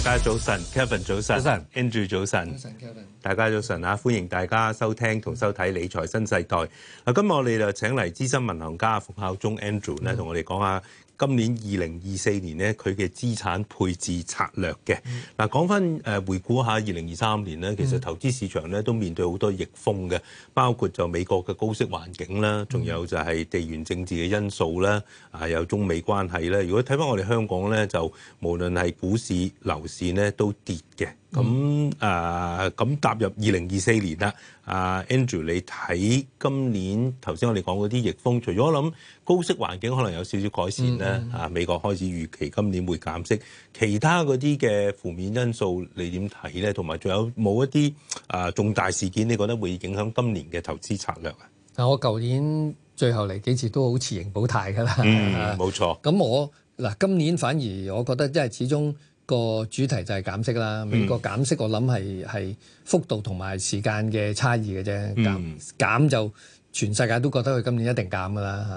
大家早晨，Kevin 早晨，Andrew 早晨，大家早晨啊！歡迎大家收聽同收睇《理財新世代》。嗱，今日我哋就請嚟資深銀行家馮孝忠 Andrew 咧，同我哋講下。今年二零二四年呢，佢嘅資產配置策略嘅。嗱，講翻誒，回顧下二零二三年呢，其實投資市場呢都面對好多逆風嘅，包括就美國嘅高息環境啦，仲有就係地緣政治嘅因素啦，啊，有中美關係咧。如果睇翻我哋香港呢，就無論係股市、樓市呢都跌嘅。咁誒咁踏入二零二四年啦、啊、Andrew 你睇今年頭先我哋講嗰啲逆風，除咗我諗高息環境可能有少少改善咧、嗯嗯，啊美國開始預期今年會減息，其他嗰啲嘅負面因素你點睇咧？同埋仲有冇一啲、啊、重大事件？你覺得會影響今年嘅投資策略啊？我舊年最後嚟幾次都好持盈保泰噶啦，嗯，冇錯。咁、啊、我嗱、啊、今年反而我覺得即係始終。個主題就係減息啦，美國減息我諗係係幅度同埋時間嘅差異嘅啫，減減就全世界都覺得佢今年一定減噶啦，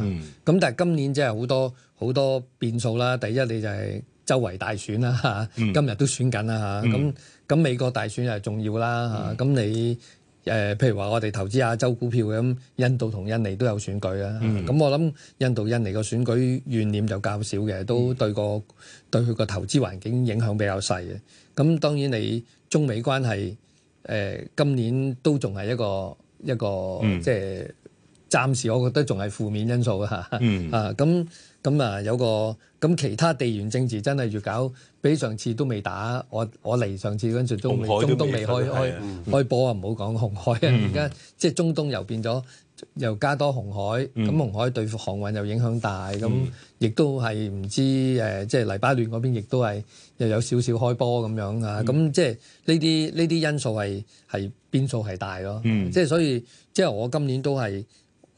咁但係今年即係好多好多變數啦，第一你就係周圍大選啦，今日都選緊啦，咁咁美國大選又係重要啦，咁你。誒，譬如話我哋投資亞洲股票咁，印度同印尼都有選舉啊。咁、嗯、我諗印度、印尼個選舉怨念就較少嘅，都對個、嗯、對佢個投資環境影響比較細嘅。咁當然你中美關係誒、呃，今年都仲係一個一個即係、嗯就是、暫時，我覺得仲係負面因素、嗯、啊。啊咁。咁啊，有個咁其他地緣政治真係越搞，比上次都未打。我我嚟上次嗰陣時，中中東未開開、嗯、開波啊，唔好講紅海啊。而、嗯、家即係中東又變咗，又加多紅海。咁、嗯、紅海對航運又影響大。咁亦、嗯、都係唔知誒，即係黎巴嫩嗰邊亦都係又有少少開波咁樣啊。咁、嗯、即係呢啲呢啲因素係係變數係大咯、嗯？即係所以即係我今年都係。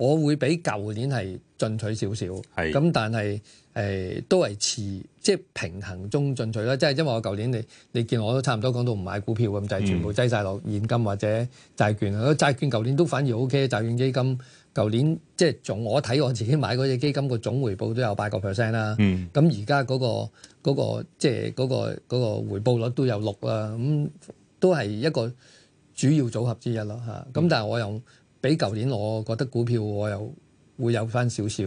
我會比舊年係進取少少，咁但係誒、呃、都係持即係平衡中進取啦。即係因為我舊年你你見我都差唔多講到唔買股票咁、嗯，就係、是、全部擠晒落現金或者債券啦。個債券舊年都反而 O、OK, K，債券基金舊年即係總我睇我自己買嗰隻基金個總回報都有八、嗯個 percent 啦。咁而家嗰個即係嗰個回報率都有六啦。咁都係一個主要組合之一咯嚇。咁、嗯、但係我又。比舊年，我覺得股票我又會有翻少少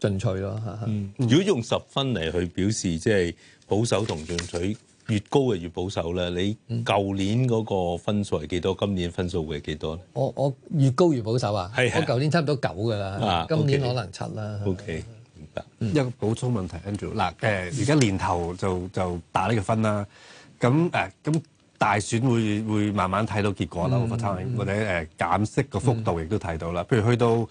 進取咯嚇、嗯。如果用十分嚟去表示，即係保守同進取，越高嘅越保守啦。你舊年嗰個分數係幾多？今年分數會係幾多咧？我我越高越保守啊！我舊年差唔多九㗎啦，今年可能七啦。啊、OK，明白。嗯、一個補充問題，Andrew 嗱誒，而家年頭就就打呢個分啦。咁誒咁。大選會會慢慢睇到結果啦，over time 或者誒減息個幅度亦都睇到啦。譬如去到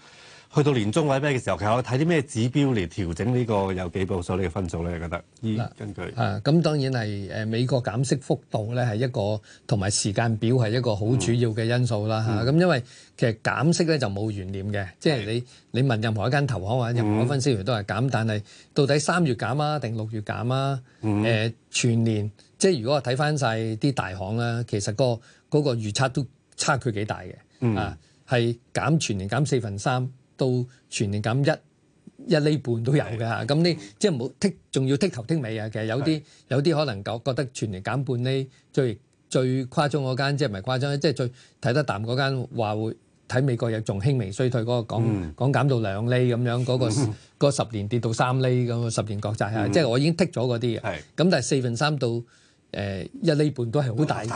去到年中或者咩嘅時候，其實我睇啲咩指標嚟調整呢個有幾部數呢個分數咧？你覺得依根據啊，咁當然係誒美國減息幅度咧係一個同埋時間表係一個好主要嘅因素啦。嚇咁因為其實減息咧就冇懸念嘅，即係你你問任何一間投行或者任何一分析員都係減，但係到底三月減啊定六月減啊？誒全年。即係如果我睇翻晒啲大行啦，其實、個嗰、個預測都差距幾大嘅、嗯，啊係減全年減四分三到全年減一一厘半都有嘅嚇。咁你即係唔好剔，仲要剔頭剔尾啊！其實有啲有啲可能覺覺得全年減半厘最最誇張嗰間，即係唔係誇張即係最睇得淡嗰間話會睇美國又仲輕微衰退嗰、嗰個講、嗯、講減到兩厘咁樣，嗰、嗰個嗯嗰個十年跌到三厘咁啊，嗰個、十年國債啊、嗯，即係我已經剔咗嗰啲嘅。咁但係四分三到誒、呃、一釐半都係好大嘅，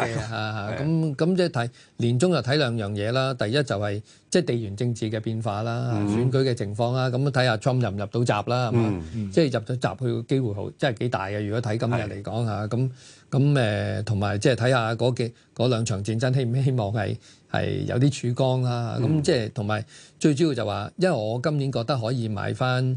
咁咁，即係睇年中又睇兩樣嘢啦。第一就係、是、即係地緣政治嘅變化啦、嗯，選舉嘅情況啦，咁睇下 Trump 入唔入到閘啦、嗯嗯，即係入咗閘佢機會好，即係幾大嘅。如果睇今日嚟講咁，咁同埋即係睇下嗰嘅嗰兩場戰爭，希唔希望係係有啲曙光啦？咁、嗯、即係同埋最主要就話，因為我今年覺得可以買翻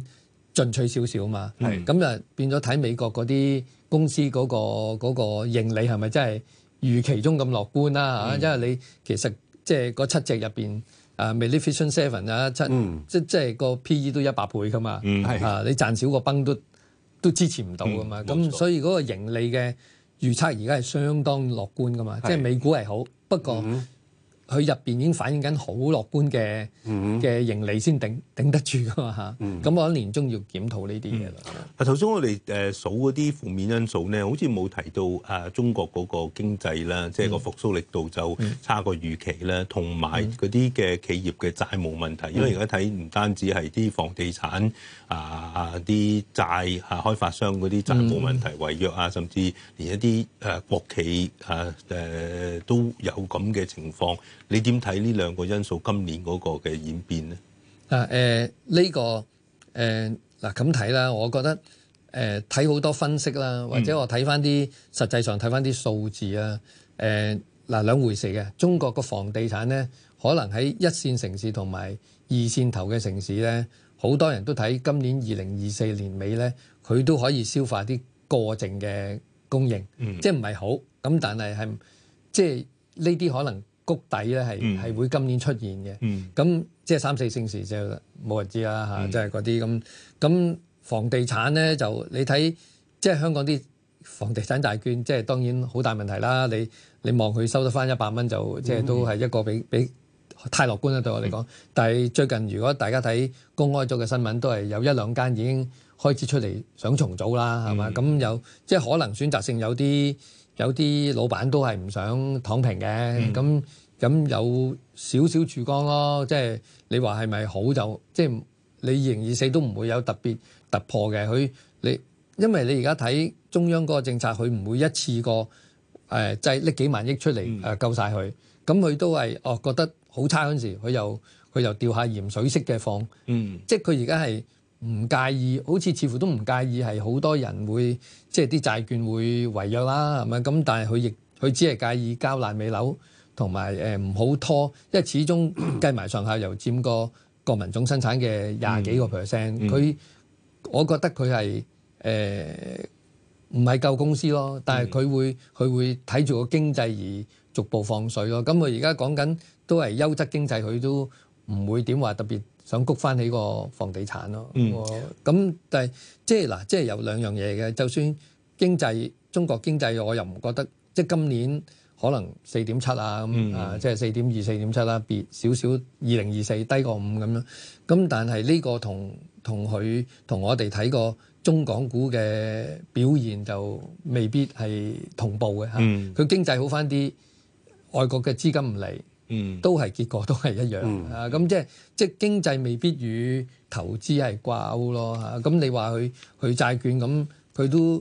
進取少少啊嘛。咁啊、呃、變咗睇美國嗰啲。公司嗰、那個那個盈利係咪真係預期中咁樂觀啦、啊？嚇、嗯，因為你其實即係嗰七隻入邊，啊，Magnificent Seven 啊，七即即係個 P/E 都一百倍㗎嘛，嚇、嗯啊、你賺少個崩都都支持唔到㗎嘛。咁、嗯、所以嗰個盈利嘅預測而家係相當樂觀㗎嘛，即、就、係、是、美股係好是不過。嗯。佢入邊已經反映緊好樂觀嘅嘅、嗯、盈利，先頂頂得住㗎嘛吓。咁、嗯、我一年終要檢討呢啲嘢啦。啊、嗯，頭先我哋誒數嗰啲負面因素咧，好似冇提到啊中國嗰個經濟啦，即係個復甦力度就差過預期啦，同埋嗰啲嘅企業嘅債務問題。嗯、因為而家睇唔單止係啲房地產、嗯、啊、啲債啊、開發商嗰啲債務問題違約啊，甚至連一啲誒國企啊誒都有咁嘅情況。你點睇呢兩個因素今年嗰個嘅演變呢？嗱、啊，誒、呃、呢、呢個誒嗱咁睇啦，我覺得誒睇好多分析啦，或者我睇翻啲實際上睇翻啲數字啊，誒嗱兩回事嘅。中國個房地產呢，可能喺一線城市同埋二線頭嘅城市呢，好多人都睇今年二零二四年尾呢，佢都可以消化啲過剩嘅供應，嗯、即係唔係好咁？但係係即係呢啲可能。谷底咧係係會今年出現嘅，咁、嗯、即係三四性時就冇人知啦嚇，即係嗰啲咁。咁、嗯就是、房地產咧就你睇，即係香港啲房地產債券，即係當然好大問題啦。你你望佢收得翻一百蚊就，即、嗯、係、就是、都係一個比比太樂觀啦對我嚟講、嗯。但係最近如果大家睇公開咗嘅新聞，都係有一兩間已經開始出嚟想重組啦，係嘛？咁、嗯、有即係可能選擇性有啲。有啲老闆都係唔想躺平嘅，咁、嗯、咁有少少曙光咯。即、就、係、是、你話係咪好就即係、就是、你二零二四都唔會有特別突破嘅佢你，因為你而家睇中央嗰個政策，佢唔會一次過誒即係搦幾萬億出嚟誒、呃、救晒佢。咁、嗯、佢都係哦覺得好差嗰陣時，佢又佢又掉下鹽水式嘅放、嗯，即係佢而家係。唔介意，好似似乎都唔介意，係好多人會即係啲債券會違約啦，係咪？咁但係佢亦佢只係介意交爛尾樓同埋誒唔好拖，因為始終計埋、嗯、上下又佔過國民總生產嘅廿幾個 percent。佢、嗯嗯、我覺得佢係誒唔係舊公司咯，但係佢會佢、嗯、會睇住個經濟而逐步放水咯。咁佢而家講緊都係優質經濟，佢都唔會點話特別。想谷翻起個房地產咯，咁、嗯、但係，即係嗱，即係有兩樣嘢嘅。就算經濟中國經濟，我又唔覺得即係今年可能四點七啊，咁、嗯、啊，即係四點二四點七啦，少少二零二四低過五咁樣。咁但係呢個同同佢同我哋睇過中港股嘅表現就未必係同步嘅嚇。佢、嗯啊、經濟好翻啲，外國嘅資金唔嚟。嗯，都係結果都係一樣啊！咁、嗯、即係即係經濟未必與投資係掛鈎咯嚇。咁你話佢佢債券咁，佢都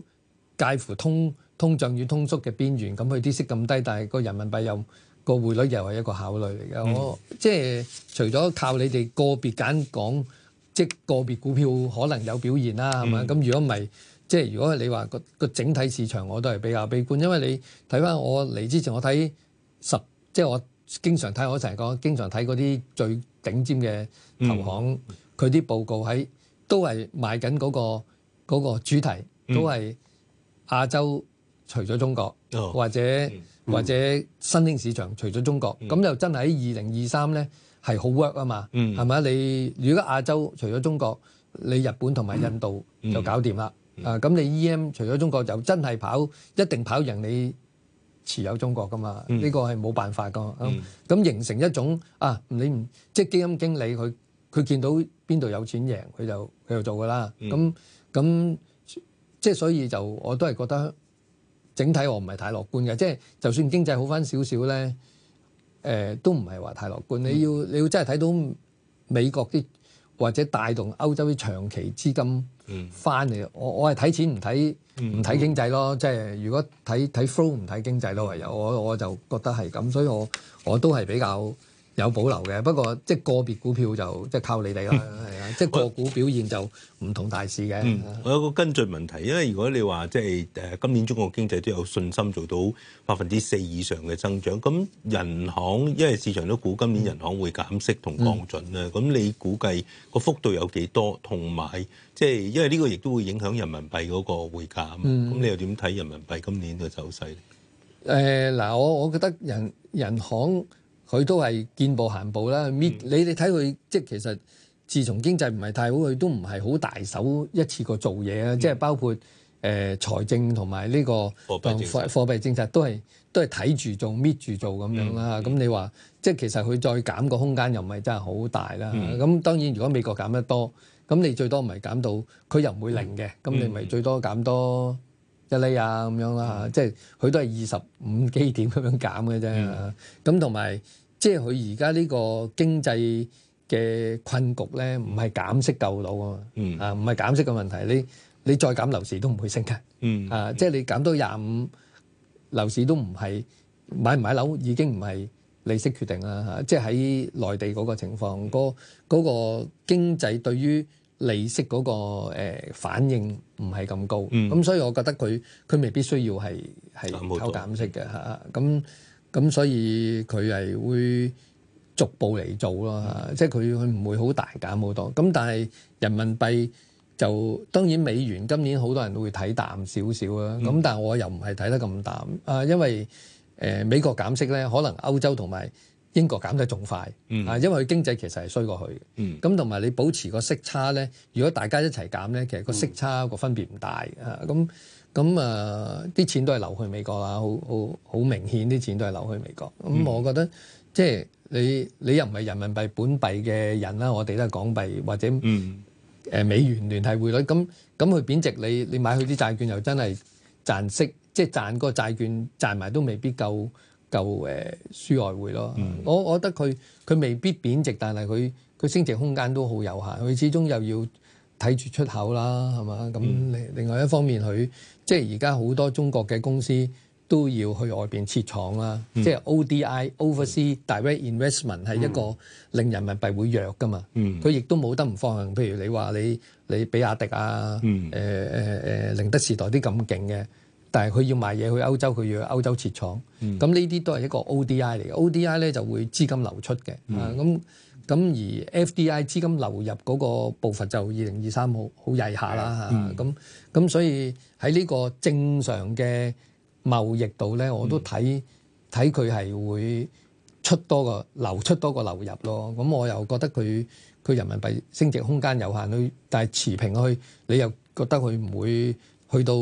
介乎通通脹與通縮嘅邊緣。咁佢啲息咁低，但係個人民幣又個匯率又係一個考慮嚟嘅。我即係除咗靠你哋個別揀講，即個別股票可能有表現啦，係咪？咁如果唔係，即係如果你話個個整體市場，我都係比較悲觀，因為你睇翻我嚟之前，我睇十即係我。經常睇我成日講，經常睇嗰啲最頂尖嘅投行，佢、嗯、啲報告喺都係賣緊嗰個嗰個主題，嗯、都係亞洲除咗中國，哦、或者、嗯、或者新興市場除咗中國，咁、嗯、就真係喺二零二三呢，係好 work 啊嘛，係、嗯、咪？你如果亞洲除咗中國，你日本同埋印度就搞掂啦、嗯嗯，啊咁你 EM 除咗中國就真係跑一定跑贏你。持有中國噶嘛？呢、嗯這個係冇辦法噶。咁、嗯、咁形成一種啊，你唔即係基金經理他，佢佢見到邊度有錢贏，佢就佢就做噶啦。咁、嗯、咁即係所以就我都係覺得整體我唔係太樂觀嘅。即係就算經濟好返少少咧，誒、呃、都唔係話太樂觀。你要你要真係睇到美國啲。或者帶動歐洲啲長期資金翻嚟，我我係睇錢唔睇唔睇經濟咯，即係如果睇睇 flow 唔睇經濟咯，唯有我我就覺得係咁，所以我我都係比較。有保留嘅，不過即係個別股票就即係靠你哋啦，係、嗯、啊！即係個股表現就唔同大市嘅、嗯。我有個跟進問題，因為如果你話即係誒今年中國經濟都有信心做到百分之四以上嘅增長，咁人行因為市場都估今年人行會減息同降準啦，咁、嗯、你估計個幅度有幾多？同埋即係因為呢個亦都會影響人民幣嗰個匯價，咁、嗯、你又點睇人民幣今年嘅走勢？誒、呃、嗱，我我覺得人人行。佢都係見步行步啦，搣、嗯、你你睇佢即係其實，自從經濟唔係太好，佢都唔係好大手一次過做嘢啊、嗯！即係包括誒、呃、財政同埋呢個貨幣貨幣政策，貨幣政策都係都係睇住做搣住做咁樣啦。咁、嗯、你話即係其實佢再減個空間又唔係真係好大啦。咁、嗯、當然如果美國減得多，咁你最多唔係減到佢又唔會零嘅，咁你咪最多減多。一厘啊咁樣啦，即係佢都係二十五基點咁樣減嘅啫。咁同埋，即係佢而家呢個經濟嘅困局咧，唔係減息救到啊、嗯！啊，唔係減息嘅問題，你你再減樓市都唔會升嘅、嗯。啊，即係你減到廿五樓市都唔係買唔買樓已經唔係利息決定啦。嚇、啊，即係喺內地嗰個情況，嗰嗰、嗰個經濟對於，利息嗰、那個、呃、反應唔係咁高，咁、嗯、所以我覺得佢佢未必需要係係減息嘅嚇，咁、嗯、咁、嗯啊、所以佢係會逐步嚟做咯，即係佢佢唔會好大減好多。咁但係人民幣就當然美元今年好多人都會睇淡少少啦。咁、嗯啊、但係我又唔係睇得咁淡啊，因為誒、呃、美國減息咧，可能歐洲同埋。英國減得仲快啊，因為佢經濟其實係衰過去。嘅、嗯。咁同埋你保持個息差咧，如果大家一齊減咧，其實個息差個、嗯、分別唔大嘅，咁咁啊，啲、呃、錢都係流去美國啦，好好好明顯啲錢都係流去美國。咁我覺得、嗯、即係你你又唔係人民幣本幣嘅人啦，我哋都係港幣或者誒、嗯呃、美元聯繫匯率。咁咁佢貶值你，你你買佢啲債券又真係賺息，即、就、係、是、賺個債券賺埋都未必夠。就誒輸外匯咯，我、嗯、我覺得佢佢未必貶值，但係佢佢升值空間都好有限。佢始終又要睇住出口啦，係嘛？咁、嗯、另外一方面，佢即係而家好多中國嘅公司都要去外邊設廠啦、嗯，即係 ODI、Oversea Direct Investment 係、嗯、一個令人民幣會弱噶嘛。佢亦都冇得唔放行。譬如你話你你比亞迪啊，誒誒誒寧德時代啲咁勁嘅。但係佢要賣嘢去歐洲，佢要去歐洲設廠，咁呢啲都係一個 ODI 嚟嘅，ODI 咧就會資金流出嘅。咁、嗯、咁、啊、而 FDI 資金流入嗰個步伐就二零二三好好曳下啦。咁、嗯、咁、啊、所以喺呢個正常嘅貿易度咧，我都睇睇佢係會出多個流出多個流入咯。咁我又覺得佢佢人民幣升值空間有限去，但係持平去，你又覺得佢唔會去到。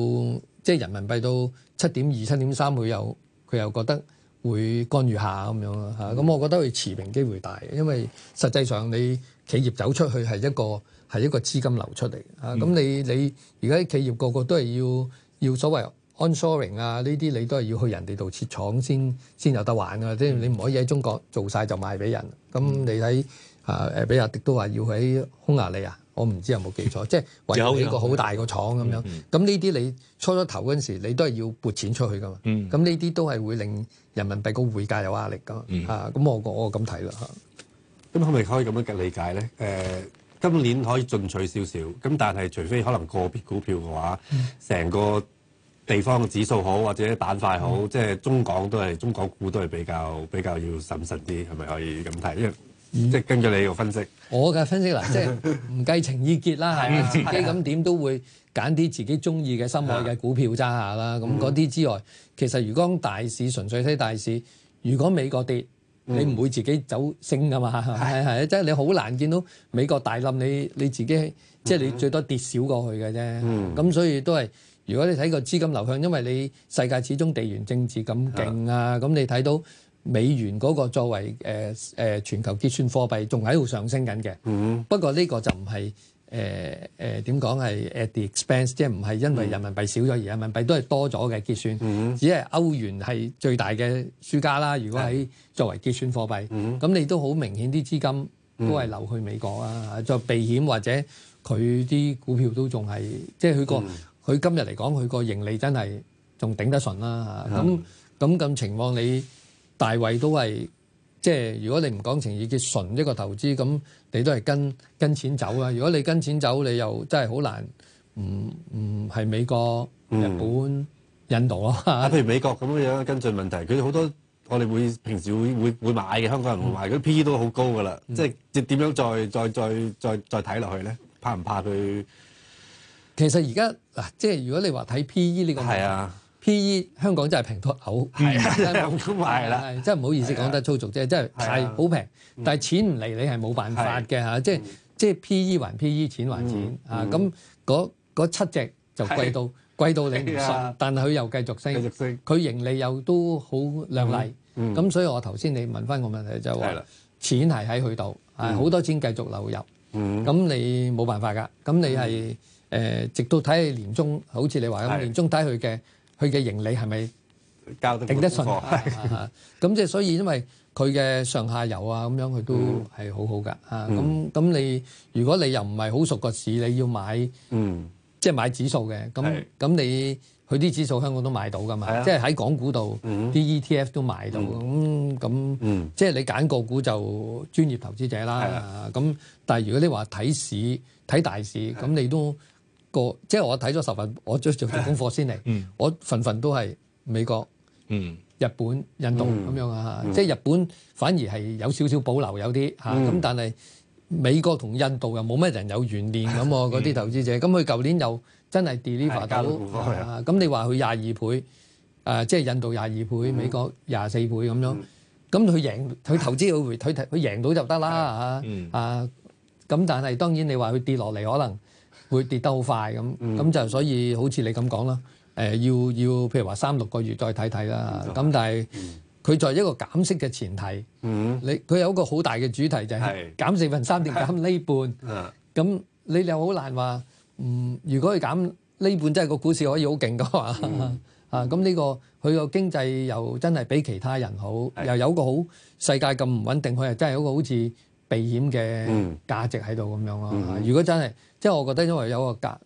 即係人民幣到七點二、七點三，佢又佢又覺得會干預下咁樣咯。咁、嗯嗯、我覺得佢持平機會大，因為實際上你企業走出去係一個係一個資金流出嚟。咁、嗯啊、你你而家啲企業個個都係要要所謂 onshoring 啊，呢啲你都係要去人哋度設廠先先有得玩㗎。即係你唔可以喺中國做晒就賣俾人。咁、嗯、你睇啊比亞迪都話要喺匈牙利啊。我唔知有冇記錯，即係維係一個好大個廠咁樣。咁呢啲你初咗頭嗰陣時，你都係要撥錢出去噶嘛？咁呢啲都係會令人民幣個匯價有壓力噶。嚇、嗯，咁、啊、我我咁睇啦嚇。咁可唔可以可以咁樣嘅理解咧？誒、呃，今年可以進取少少。咁但係除非可能個別股票嘅話，成個地方指數好或者板塊好，嗯、即係中港都係中港股都係比較比較要審慎啲，係咪可以咁睇？因為即係根據你度分析，我嘅分析嗱，即係唔計情意結啦，係啦，自己咁點都會揀啲自己中意嘅、心愛嘅股票揸下啦。咁嗰啲之外，其實如果大市純粹睇大市，如果美國跌，你唔會自己走升噶嘛。係係，即係你好難見到美國大冧，你你自己即係你最多跌少過去嘅啫。咁所以都係，如果你睇個資金流向，因為你世界始終地緣政治咁勁啊，咁你睇到。美元嗰個作為誒誒、呃呃、全球結算貨幣，仲喺度上升緊嘅。Mm -hmm. 不過呢個就唔係誒誒點講係 at the expense，即係唔係因為人民幣少咗、mm -hmm. 而人民幣都係多咗嘅結算。Mm -hmm. 只係歐元係最大嘅輸家啦。如果喺作為結算貨幣，咁、mm -hmm. 你都好明顯啲資金都係流去美國啦，就、mm -hmm. 避險或者佢啲股票都仲係即係佢個佢、mm -hmm. 今日嚟講佢個盈利真係仲頂得順啦、啊。咁咁咁情況你？大位都係即係，如果你唔講情意結純一個投資，咁你都係跟跟錢走啊！如果你跟錢走，你又真係好難，唔唔係美國、日本、嗯、印度咯。啊，譬如美國咁樣樣跟進問題，佢好多我哋會平時會會會買嘅，香港人會買，佢、嗯、P E 都好高噶啦、嗯，即係點樣再再再再再睇落去咧？怕唔怕佢？其實而家嗱，即係如果你話睇 P E 呢個係啊。P E 香港真係平到口，真係冇得真係唔好意思講、啊、得粗俗啫，真係太好平。但係錢唔嚟，你係冇辦法嘅嚇、啊啊啊。即係即、就、係、是、P E 還 P E，錢還錢啊！咁、啊、嗰七隻就貴到、啊、貴到你唔信，但係佢又繼續升，繼續升、佢盈利又都好靚麗。咁、嗯嗯、所以我頭先你問翻個問題就係話、啊，錢係喺佢度，係好、啊嗯、多錢繼續流入。咁、嗯、你冇辦法㗎。咁你係誒、嗯呃，直到睇年終，好似你話咁、啊，年終睇佢嘅。佢嘅盈利係咪交得頂得順？咁即係所以，因為佢嘅上下游啊咁樣，佢都係好好㗎。咁、啊、咁你如果你又唔係好熟個市，你要買，嗯、即係買指數嘅。咁咁你佢啲指數香港都買到㗎嘛？即係喺港股度啲、嗯、ETF 都買到。咁、嗯、咁、嗯、即係你揀個股就專業投資者啦。咁但係如果你話睇市睇大市，咁你都。個即係我睇咗十份，我做做做功課先嚟，我份份都係美國、日本、印度咁樣啊！即係日本反而係有少少保留有啲嚇，咁但係美國同印度又冇咩人有懸念咁喎，嗰啲投資者。咁佢舊年又真係 deliver 到啊！咁你話佢廿二倍，誒即係印度廿二倍，美國廿四倍咁樣，咁佢贏佢投資佢回佢佢贏到就得啦嚇啊！咁但係當然你話佢跌落嚟可能。會跌得好快咁，咁就所以好似你咁講啦。誒，要要譬如話三六個月再睇睇啦。咁但係佢在一個減息嘅前提，你佢有一個好大嘅主題就係減四分三定減呢半。咁你又好難話，嗯，如果佢減呢半真係個股市可以好勁嘅話，啊，咁呢個佢個經濟又真係比其他人好，又有個好世界咁唔穩定，佢又真係有個好似避險嘅價值喺度咁樣咯。如果真係，即係我覺得因為有個隔，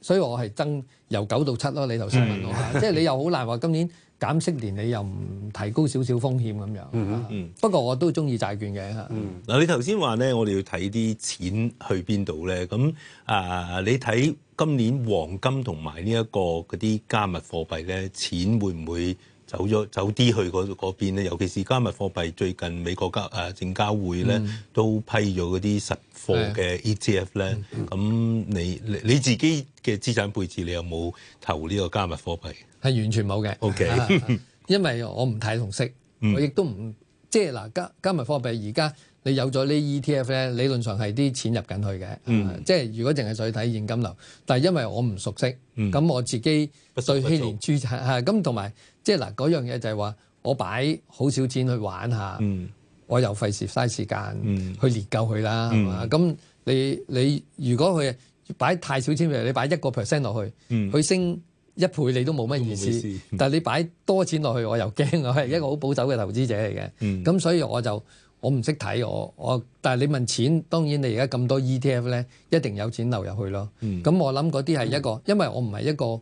所以我係增由九到七咯。你頭先問我，嗯、即係你又好難話今年減息年，你又唔提高少少風險咁樣。嗯嗯，不過我都中意債券嘅。嗯，嗱、嗯、你頭先話咧，我哋要睇啲錢去邊度咧。咁啊、呃，你睇今年黃金同埋呢一個嗰啲加密貨幣咧，錢會唔會？走咗走啲去嗰邊咧，尤其是加密貨幣。最近美國交誒證交會咧、嗯、都批咗嗰啲實貨嘅 ETF 咧。咁你你自己嘅資產配置，你有冇投呢個加密貨幣？係完全冇嘅。O、okay. K.，、啊、 因為我唔睇同識、嗯，我亦都唔即係嗱加加密貨幣。而家你有咗呢 ETF 咧，理論上係啲錢入緊去嘅。嗯。啊、即係如果淨係想睇現金流，但係因為我唔熟悉，咁、嗯、我自己對希年資產嚇咁同埋。不即係嗱，嗰樣嘢就係話，我擺好少錢去玩下，嗯、我又費事嘥時間去研究佢啦，係、嗯、嘛？咁你你如果佢擺太少錢入嚟，你擺一個 percent 落去，佢、嗯、升一倍你都冇乜意，意思。但係你擺多錢落去，我又驚，我係一個好保守嘅投資者嚟嘅。咁、嗯、所以我就我唔識睇我我。但係你問錢，當然你而家咁多 ETF 咧，一定有錢流入去咯。咁、嗯、我諗嗰啲係一個、嗯，因為我唔係一個。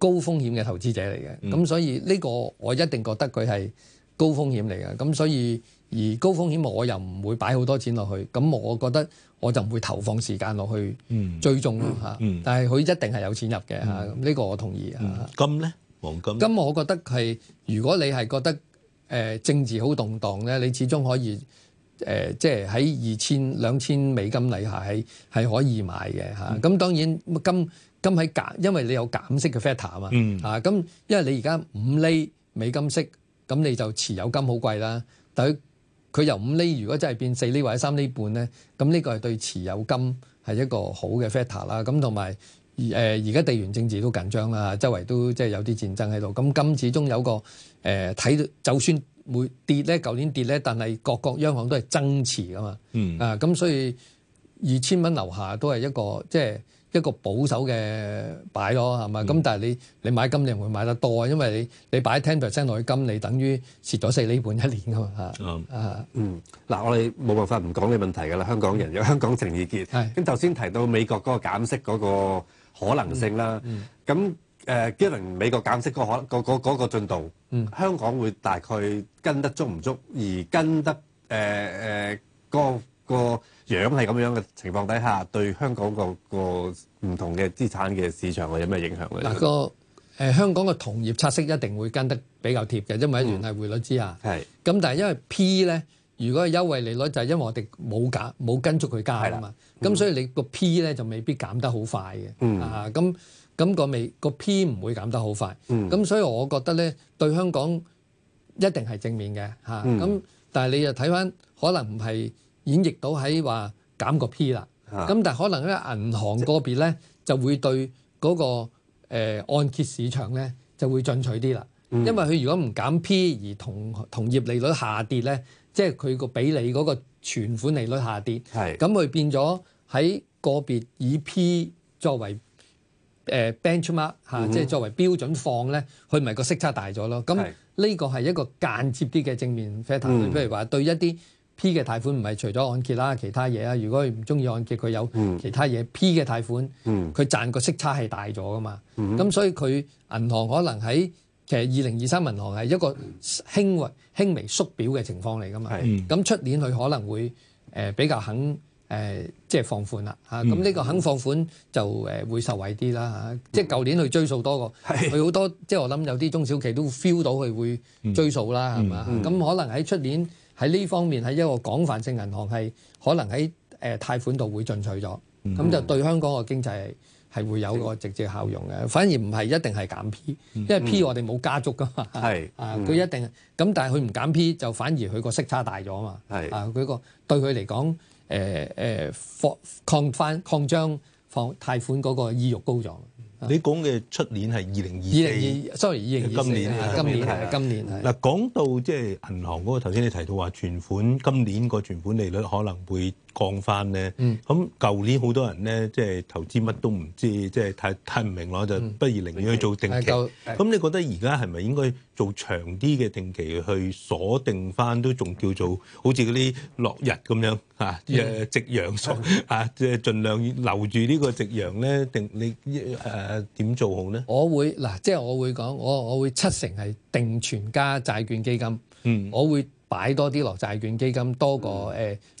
高風險嘅投資者嚟嘅，咁、嗯、所以呢個我一定覺得佢係高風險嚟嘅，咁所以而高風險我又唔會擺好多錢落去，咁我覺得我就唔會投放時間落去蹤嗯，追蹤咯嚇。但係佢一定係有錢入嘅嚇，咁、嗯、呢、呢個我同意嚇。咁、嗯、咧黃金，咁我覺得係如果你係覺得誒、呃、政治好動盪呢，你始終可以誒即係喺二千兩千美金底下係係可以買嘅嚇。咁、嗯、當然金。金喺減，因為你有減息嘅 factor 啊嘛，嗯、啊咁，因為你而家五厘美金息，咁你就持有金好貴啦。但係佢由五厘如果真係變四厘或者三厘半咧，咁呢個係對持有金係一個好嘅 factor 啦。咁同埋誒而家地緣政治都緊張啦，周圍都即係、就是、有啲戰爭喺度。咁金始終有個誒睇、呃，就算會跌咧，舊年跌咧，但係各國央行都係增持噶嘛，嗯、啊咁所以二千蚊樓下都係一個即係。就是一個保守嘅擺咯，係嘛？咁但係你你買金，你唔會買得多啊，因為你你擺 ten percent 落去金，你等於蝕咗四釐半一年㗎嘛吓。嗯啊嗯。嗱，我哋冇辦法唔講呢個問題㗎啦。香港人有香港情意結。係。咁頭先提到美國嗰個減息嗰個可能性啦。嗯。咁誒，幾輪美國減息嗰個可嗰嗰嗰個進度，香港會大概跟得足唔足？而跟得誒誒嗰個。樣係咁樣嘅情況底下，對香港個個唔同嘅資產嘅市場會有咩影響，佢有咩影響咧？嗱、呃，個誒香港嘅同業拆息一定會跟得比較貼嘅，因為喺聯繫匯率之下。係、嗯。咁但係因為 P 咧，如果係優惠利率，就係因為我哋冇減，冇跟足佢加啊嘛。係咁、嗯、所以你個 P 咧就未必減得好快嘅。嗯。啊，咁咁、咁個未個 P 唔會減得好快。嗯。咁所以我覺得咧，對香港一定係正面嘅嚇。咁、嗯啊、但係你又睇翻，可能唔係。演繹到喺話減個 P 啦，咁、啊、但係可能咧銀行個別咧就會對嗰、那個、呃、按揭市場咧就會進取啲啦、嗯，因為佢如果唔減 P 而同同業利率下跌咧，即係佢個比你嗰個存款利率下跌，咁佢變咗喺個別以 P 作為誒、呃、benchmark 吓、啊嗯，即係作為標準放咧，佢咪個息差大咗咯？咁呢個係一個間接啲嘅正面 factor，譬、嗯、如話對一啲。P 嘅貸款唔係除咗按揭啦，其他嘢啦。如果佢唔中意按揭，佢有其他嘢、嗯。P 嘅貸款，佢、嗯、賺個息差係大咗噶嘛。咁、嗯、所以佢銀行可能喺其實二零二三銀行係一個輕微、嗯、輕微縮表嘅情況嚟噶嘛。咁、嗯、出年佢可能會誒、呃、比較肯誒、呃、即係放款啦嚇。咁、嗯、呢、啊、個肯放款就誒、呃、會受惠啲啦嚇、啊嗯。即係舊年去追數多個，佢、嗯、好多 即係我諗有啲中小企都 feel 到佢會追數啦係嘛。咁、嗯嗯嗯、可能喺出年。喺呢方面，喺一個廣泛性銀行係可能喺誒、呃、貸款度會進取咗，咁就對香港個經濟係係會有一個直接效用嘅。反而唔係一定係減 P，因為 P 我哋冇家族㗎嘛、嗯，啊佢一定咁、嗯，但係佢唔減 P 就反而佢個息差大咗嘛，啊佢個對佢嚟講誒誒放擴翻擴張放貸款嗰個意欲高咗。你講嘅出年係二零二二 sorry 二零二四今年係、啊、今年係今年係。嗱、啊，講、啊、到即係銀行嗰、那個頭先，你提到話存款，今年個存款利率可能會？降翻咧，咁舊年好多人咧，即係投資乜都唔知，即係太太唔明咯，就不如寧願去做定期。咁你覺得而家係咪應該做長啲嘅定期去鎖定翻，都仲叫做好似嗰啲落日咁樣嚇，誒夕陽鎖嚇，即、啊、係、啊、盡量留住個呢個夕陽咧？定你誒點、啊、做好咧？我會嗱，即係我會講，我我會七成係定存加債券基金，嗯、我會。擺多啲落債券基金，多個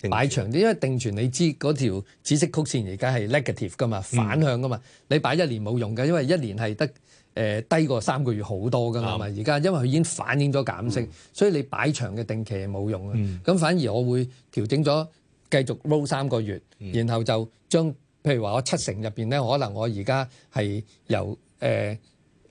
擺長啲，因為定存你知嗰條紫色曲線而家係 negative 㗎嘛，反向㗎嘛。嗯、你擺一年冇用㗎，因為一年係得、呃、低過三個月好多㗎嘛。而、嗯、家因為佢已經反映咗減息、嗯，所以你擺長嘅定期係冇用啊。咁、嗯、反而我會調整咗，繼續 roll 三個月、嗯，然後就將譬如話我七成入面咧，可能我而家係由誒。呃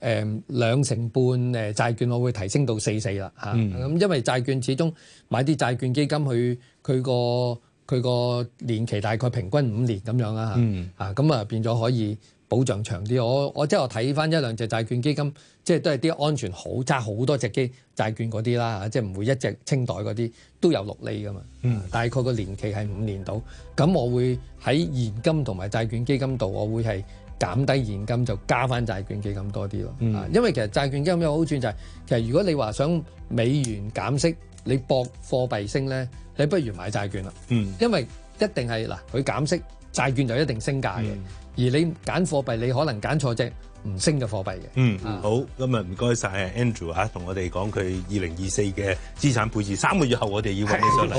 誒、嗯、兩成半誒、呃、債券，我會提升到四四啦咁，啊嗯、因為債券始終買啲債券基金，佢佢、佢個佢個年期大概平均五年咁樣啦咁啊，啊，啊變咗可以保障長啲。我我即係我睇翻一兩隻債券基金，即係都係啲安全好揸好多隻基債券嗰啲啦，即係唔會一隻清袋嗰啲都有六厘噶嘛、啊。嗯，啊、大概個年期係五年到。咁我會喺現金同埋債券基金度，我會係。減低現金就加翻債券基金多啲咯、嗯，因為其實債券基金有好處就係、是，其實如果你話想美元減息，你博貨幣升咧，你不如買債券啦、嗯，因為一定係嗱佢減息，債券就一定升價嘅、嗯，而你揀貨幣你可能揀錯隻唔升嘅貨幣嘅、嗯。嗯，好，咁啊唔該晒 Andrew 同、啊、我哋講佢二零二四嘅資產配置，三個月後我哋要揾你上嚟。